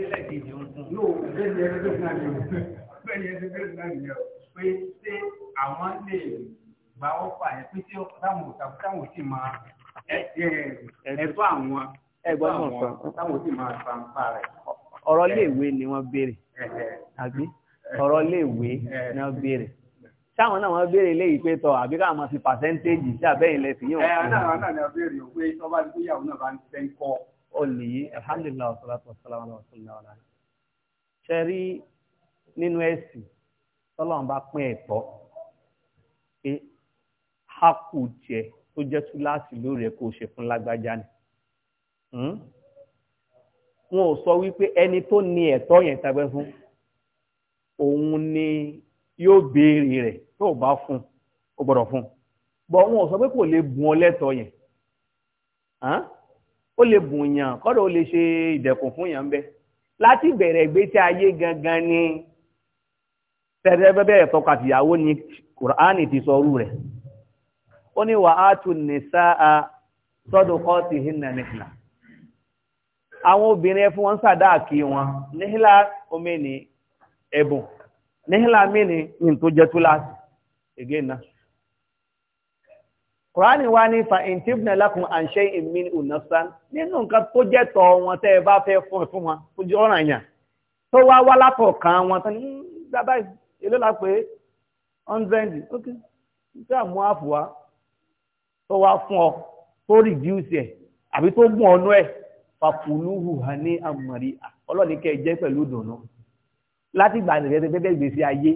sílẹ̀ kejì ń fún. yóò bẹ́ẹ̀ ni ẹgbẹ́ náà ni o bẹ́ẹ̀ ni ẹgbẹ́ náà ni o pé ṣé àwọn lè gba ọ́fà yẹn pé ṣé táwọn òtàkùn táwọn sì máa ẹ̀tọ́ àwọn ẹ̀gbọ́n náà sọ táwọn sì máa san pa rẹ̀. ọ̀rọ̀ léèwé ni wọ́n béèrè àbí ọ̀rọ̀ léèwé ni wọ́n béèrè táwọn náà wọ́n béèrè léyìí pé tọ àbí káwọn máa fi pàṣẹ́ntéèjì sí àbẹ́yìn lẹ́sìn yìí wọ́n. ẹ náà náà ni wọ́n béèrè o pé tọ́ba ní kó náà bá ń tẹ́ ń kọ́ olè yìí alhamdulillah wassalatu wassalamu ala rasulillah ṣe rí nínú ẹ̀sìn tọ́lọ́run bá pín ẹ̀tọ́ pé hákù jẹ tó jẹ́ túláàsì lórí ẹ̀ kó o ṣe fún lágbájá ni hmm? wọn ò sọ wípé ẹni tó ní ẹ̀tọ́ yẹn tàbẹ́ fún òun ni yóò béèrè rẹ̀ tó bá fún ó gbọ́dọ̀ fún bọ́ wọn ò sọ pé kò lè bùn ọ lẹ́tọ̀ọ́ yẹn ó lè bùn yàn kọ́dọ̀ ó lè ṣe ìdẹ̀kùn fún yàn bẹ́ẹ̀ láti bẹ̀rẹ̀ ìgbésí ayé gangan ni tẹ́tẹ́bẹ́bẹ́ ẹ̀tọ́ka tìyàwó ni kùránì ti sọ orú rẹ̀ ó ní wà tún ní sáà sọ́dọ̀ kọ́ ti hinna nìhìlá àwọn obìnrin fún wọn sàdá wọn omi ẹ̀bùn ní tó jẹ́ Kùránì wá ní fa ìntìbìnà lákùn àṣẹ ìmìn ìnàṣán nínú nǹkan tó jẹ́ tọ́ wọn tẹ́ ẹ bá fẹ́ fún fún wọn fún jẹ́ ọ̀ràn àyàn tó wá wá látọ̀kan wọn tán ní hmm, bàbá èló la pé hundred ok ṣé àmú àfùwá tó wá fún ọ tó reduce ẹ àbí tó gún ọnú ẹ fàkùlùhù hàn ní àmọ̀rí ọlọ́ọ̀ni kẹ́ ẹ jẹ́ pẹ̀lú dùnú láti gbà ní ẹgbẹ́ gbèsè ayé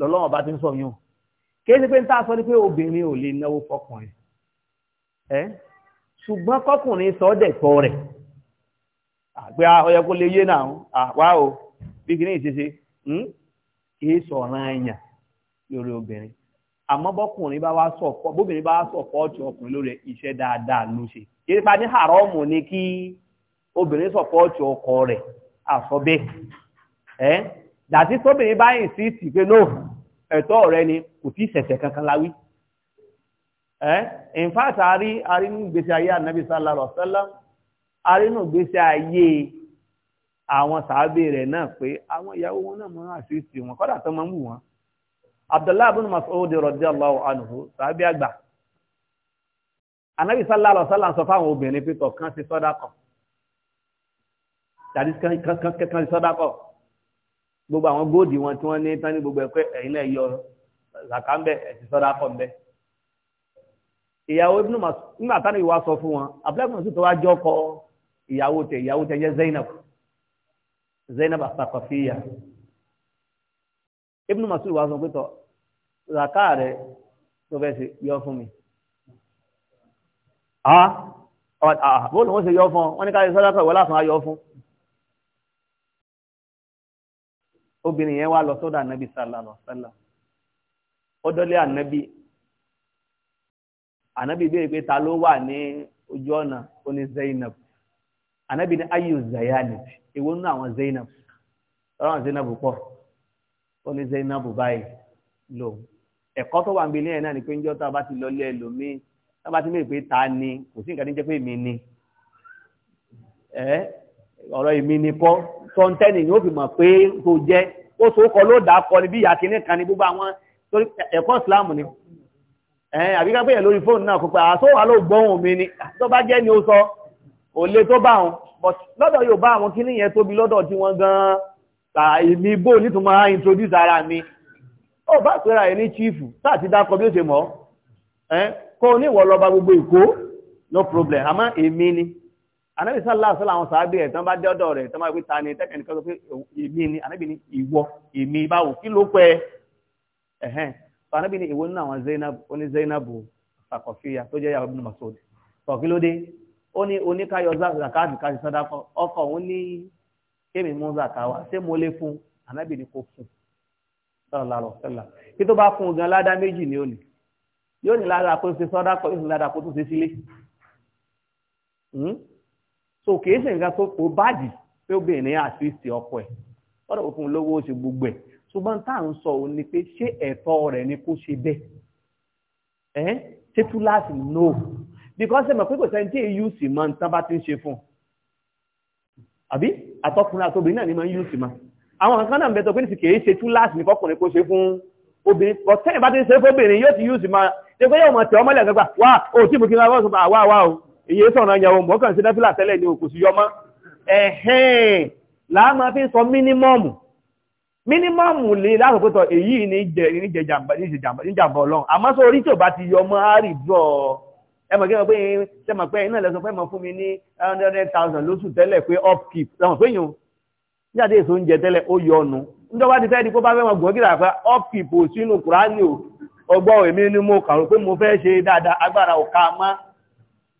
lọ́lọ́wọ́n bá ti ń sọ yún kìí ṣe pé ń tà sọ ni pé obìnrin ò lè náwó fọkùnrin ẹ ṣùgbọ́n kọkùnrin sọ dẹ̀tọ́ rẹ̀ àgbẹ̀ ọyọ kó lè yé náà àwa o bí kìíní ìṣeṣe hmm? kìí sọ̀ràn ẹ̀yàn lórí obìnrin àmọ́ bọ́kùnrin bá wá sọ̀pọ̀ bóbìnrin bá ọ̀tún ọkùnrin lórí iṣẹ́ dáadáa ló ṣe ní ni kí obìnrin ọ̀tún rẹ̀ àsọ bẹ́ẹ̀ ẹ́ dàtí bá sí náà ẹ̀tọ́ rẹ ni kò tí ṣẹ̀ṣẹ̀ kankan láwí ẹ́ in fact àrí àrínú gbèsè ayé ànábì sallallahu alaihi wasallam àrínú gbèsè ayé àwọn sàábé rẹ̀ náà pé àwọn ìyàwó wọn náà máa àṣírísì wọn kọ́dà tó máa ń wù wọn abdullahi ibn mas'ud radiyallahu anhu sàábé àgbà ànábì sallallahu alaihi wasallam sọ fáwọn obìnrin pé kọ̀ọ̀kan ti sọ́dákọ̀ tàbí kan ti sọ́dákọ̀ gbogbo àwọn góòdì wọn tí wọ́n ní tán ní gbogbo ẹ̀kọ́ ẹ̀yìn náà yọ zaka ń bẹ ẹ̀sìn sọ́dá kọ̀ ń bẹ. ìyàwó Ibnu Mas'ud nígbà táwọn ìwà sọ fún wọn abúlẹ́kùn sì tó wá jọ kọ ìyàwó tẹ ìyàwó tẹ jẹ́ Zainab Zainab Asakafiya Ibnu Mas'ud wá sọ pé tọ zaka rẹ tó fẹ́ ṣe yọ fún mi. Ah, ah, ah, bó ló ń ṣe yọ fún ọ wọn ní ká ṣe sọ́dá kọ̀ ìwọlá obìnrin yẹn wá lọ sọ́dọ̀ ànábì sàlàlọ́ sàlà ọdọ́lẹ̀ ànábì ànábì béèrè pé ta ló wà ní ojú ọ̀nà ó ní Zainab ànábì ní ayu zayanib èwo nínú àwọn Zainab ọlọ́run Zainab pọ̀ ó ní Zainab báyìí lò ẹ̀kọ́ tó wà ń gbélé yẹn náà ni pé ń jọ́ tá a bá ti lọ lé ẹlòmíì tá a bá ti mẹ́rin pé ta ni kò sí nǹkan tí ń jẹ́ pé mi ni ọ̀rọ̀ èmi ni kọ́ sọ̀ntẹ́nì ni ó fi mọ̀ pé tó jẹ́ ó so kọ ló dà kọ ní bí ìyá kìíní kan ní gbogbo àwọn torí ẹ̀kọ́ ìsìláàmù ni àbí ká péyẹ̀ lórí fóònù náà kó pa àṣọ wà ló gbọ́hùn mi ni tó bá jẹ́ ni ó sọ òle tó bá wọn but lọ́dọ̀ yóò bá àwọn kìíní yẹn tóbi lọ́dọ̀ tí wọ́n gan-an ta èmi bò nítorí máa introduce ara mi ó bá pera ẹni chief sáà ti dákọ bí ó ṣe mọ̀ kó ní ìwọ lọ́ba gbogbo Èkó no problem àmọ́ èmi ni anabi sallallahu alaihi wasallam sàábì ẹ̀ tán bá dé ọ̀dọ̀ rẹ̀ tán bá gbé ta ni tẹ́kẹ̀ nìkan sọ pé èmi ni anabi ni ìwọ èmi báwo kí ló pẹ́ ẹ̀hẹ́n sọ anabi ni ìwọ nínú àwọn zainab ó ní zainab sàkọ̀fíyà tó jẹ́ yàrá ibn Mas'ud ó ní oníkayọ zakati kasi sadakọ ọkọ òun ní kémi mú zakawa ṣé mo lè fún anabi ni kò fún sallallahu alaihi wasallam kí tó bá fún gan ládá méjì ni ó yóò ní ládà kó ṣe sọdá kó yóò ládà kó tó ṣe sílé. Hmm? so kìí ṣe nǹkan tó kò báàdì pé obìnrin àtúnṣe ọkọ ẹ̀ ọ̀dọ̀ òfin lówó ṣe gbogbo ẹ̀ ṣùgbọ́n tá à ń sọ òun ni pé ṣé ẹ̀tọ́ rẹ̀ ni kó ṣe bẹ́ẹ̀ ẹ́ ṣé túláàsì no because ẹ̀mọ̀ pé kò sẹ́ni tí èyí sì máa ń tán bá ti ń ṣe fún un àbí àtọkùnrin àtobìnrin náà ni máa ń yí sì máa àwọn nǹkan náà ń bẹ tó pé ní ti kìí ṣe túláàsì ní fọkùnrin kó ṣe fún obìnrin kò sẹ́yìn bá ti ń ṣe fóbìnrin yóò ti yí sì máa ṣe pé yóò mọ̀ tẹ́ ọmọlẹ̀ gbà wá òtí mú kí n ah, wá wá iye sọ̀rọ̀ àyàwó mọ̀ kàn sí náfìlà tẹ́lẹ̀ ní òkú sí yọmọ́ ẹ̀hẹ́n láàmà fi sọ mínímọ́ọ̀mù mínímọ́ọ̀mù lè láàpẹ̀tọ̀ èyí ní jẹ jàmbá ọlọ́run àmọ́ sọ orí tí ò bá ti yọmọ́ àárì jọ ẹmọ̀ kí wọ́n pé sẹ́mọ̀ pé iná lẹ́sọ pé fún mi ní 100,000 lóṣù tẹ́lẹ̀ pé upkeep lọ́mọ̀ pé yùn nígbàdé èso oúnjẹ tẹ́lẹ̀ ó yọ ọnu ti fẹ́ di kó bá gbọ́n upkeep ò sínú kùránì ò ọgbọ́n ni mo kàrò pé mo fẹ́ ṣe dáadáa agbára ò ká máa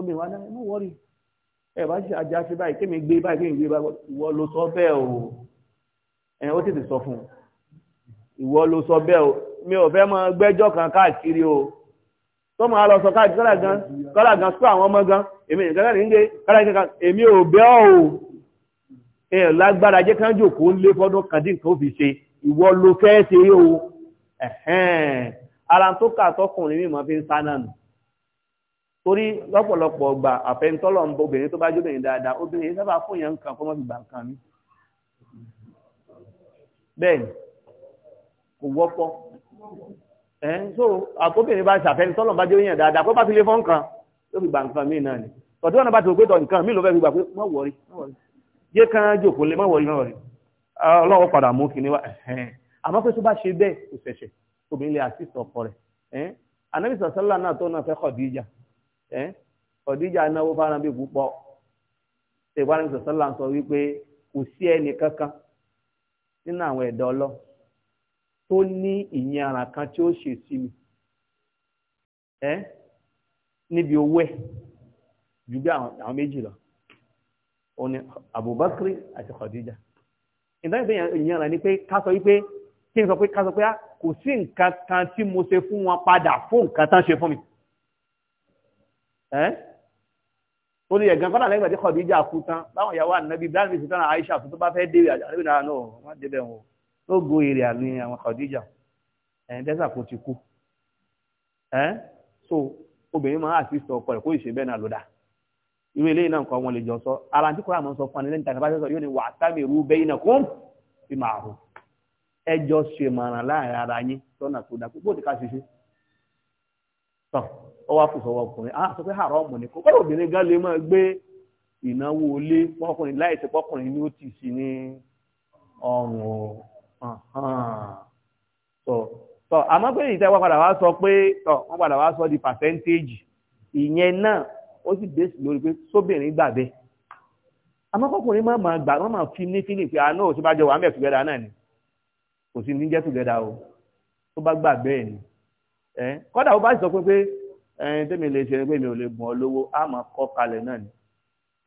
tó bẹ̀ wá náà mú wọ́rì ẹ bá ṣe ajá ṣe báyìí kémi gbé báyìí kémi gbé báyìí ìwọ ló sọ bẹ́ẹ̀ o ẹ ó tètè sọ fún un ìwọ ló sọ bẹ́ẹ̀ o mi ò fẹ́ mọ gbẹ́jọ́ kan káàkiri o tó máa lọ sọ káàkiri kọ́là gan kọ́là gan sọ àwọn ọmọ gan èmi nìkan náà nígbè kọ́là gan èmi ò bẹ́ ọ̀ o ẹ lágbára jẹ́ kí wọ́n jòkó lé fọ́dún kan nǹkan ó fi ṣe ìwọ ló fẹ́ ṣe o ara tó kà tọkùnrin mi máa fi ń sá náà nù torí lọ́pọ̀lọpọ̀ ọgbà àfẹ́ntọ́lọ̀ ń bọ obìnrin tó bá jóbìnrin dáadáa obìnrin yìí sábà fún yẹn nǹkan fọmọ́ ìgbà nǹkan mi bẹ́ẹ̀ kò wọ́pọ̀ ẹ̀ ń so àkóbìnrin bá ṣàfẹ́ntọ́lọ̀ bá jóbìnrin dáadáa kó bá ti lé fọ́ nǹkan ló fi gbà nǹkan mi náà ni tọ̀tí wọn bá ti òpétọ̀ nǹkan mi ló fẹ́ fi gbà pé má wọrí yé kan jòkó lé má wọrí má wọrí ọlọ́wọ́ padà mú kíní wá àmọ́ pé tó bá ṣe bẹ́ẹ̀ kò ṣẹ̀ṣẹ̀ obìnrin lè àṣìṣe ọkọ ọ̀díjà eh? náwó bá bí púpọ̀ ṣèwádìí sọ̀sọ́là sọ wípé kò sí ẹnì kankan nínú àwọn ẹ̀dọ́ ọlọ́ tó ní ìyẹn ara kan tí ó ṣe sí mi eh? níbi owó ẹ̀ ju bí àwọn méjì lọ àti ìdáhùn ara ni pé ká sọ wípé kí n sọ pé ká sọ pé ah, kò sí nǹkan kan tí mo ṣe fún wọn padà fún nǹkan tán ẹ́ ó ní ẹ̀gán kọ́nà lẹ́gbẹ̀ẹ́ tí Khadija kú tán láwọn ìyàwó ànábì ibrahim ti tán Aisha tó bá fẹ́ dé ànábì náà náà wọ́n dé bẹ̀rù ó go èrè àní àwọn Khadija ẹ̀yìn dẹ́sà kò ti kú ẹ́ so obìnrin máa àti sọ ọkọ rẹ̀ kó ìṣe bẹ́ẹ̀ náà ló dá irú eléyìí náà nǹkan wọn lè jọ sọ ara tí kò àmọ́ sọ fún anilẹ́ni tàbí sọ yóò ní wà tamiru bainakum bi ma'ruf ẹ jọ ṣèmọ̀ràn láàrin ara yín lọ́nà tó dá púpọ̀ tí ká ṣe ṣe tán. ọwọ́ àfòsọ̀wọ́ ọkùnrin á ah, sọ pé haramu ni kó kọ́dọ̀ obìnrin gan lè máa gbé ìnáwó láì ni ó ti sí ní ọrùn so àmọ́ pé ìtẹ́ wọ́n sọ pé wọ́n padà wá sọ di percentage ìyẹn náà ó sì lórí pé sóbìnrin gbà bẹ́ẹ̀ àmọ́ máa gbà wọ́n ah, jọ wà ni kò sí ní jẹ́ o tó bá gbà bẹ́ẹ̀ ni kódà ó bá ẹyin tẹ́mi lè ṣe pé mi ò lè gbọ́n lówó á máa kọ́ ni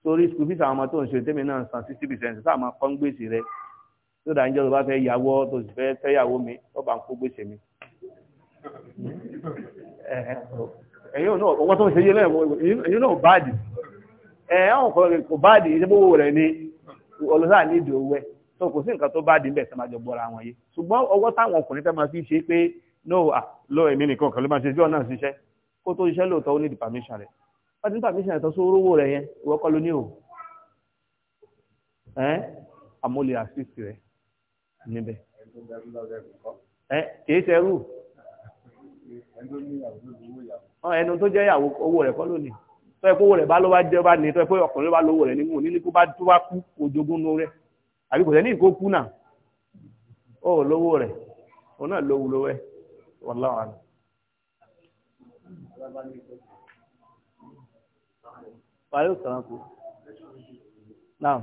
torí school fees àwọn ọmọ tó ń ṣe tẹ́mi náà san sixty percent sáà máa kọ́ ń gbèsè rẹ tó dáa ń jẹ́ tó bá fẹ́ tó fẹ́ fẹ́yàwó mi tó bá ń kó gbèsè mi. ẹ̀yin náà ọwọ́ tó ń ṣe yé náà ẹ̀yin náà báàdì ni kó tó iṣẹ́ lóòótọ́ ó ní di permission rẹ̀ wọ́n ti ní permission rẹ̀ tó sóró owó rẹ̀ yẹn ìwọ kọ́ ló ní o ẹ́ àmúlẹ̀ assist rẹ̀ níbẹ̀ ẹ́ kìí ṣe rú ẹnu tó jẹ́ ìyàwó owó rẹ̀ kọ́ ló ní tó ẹ kó owó rẹ̀ bá ló bá jẹ́ bá ní tó ẹ pé ọkùnrin bá lówó rẹ̀ nímú níní kó bá tó bá kú òjogún nú rẹ̀ àbí kò sẹ́ni ìkó kú náà ó lówó rẹ̀ òun náà lówó lówó ẹ̀ wọ́n láwọn àná. Wàhálà ìsọ̀rọ̀ kù. Náà.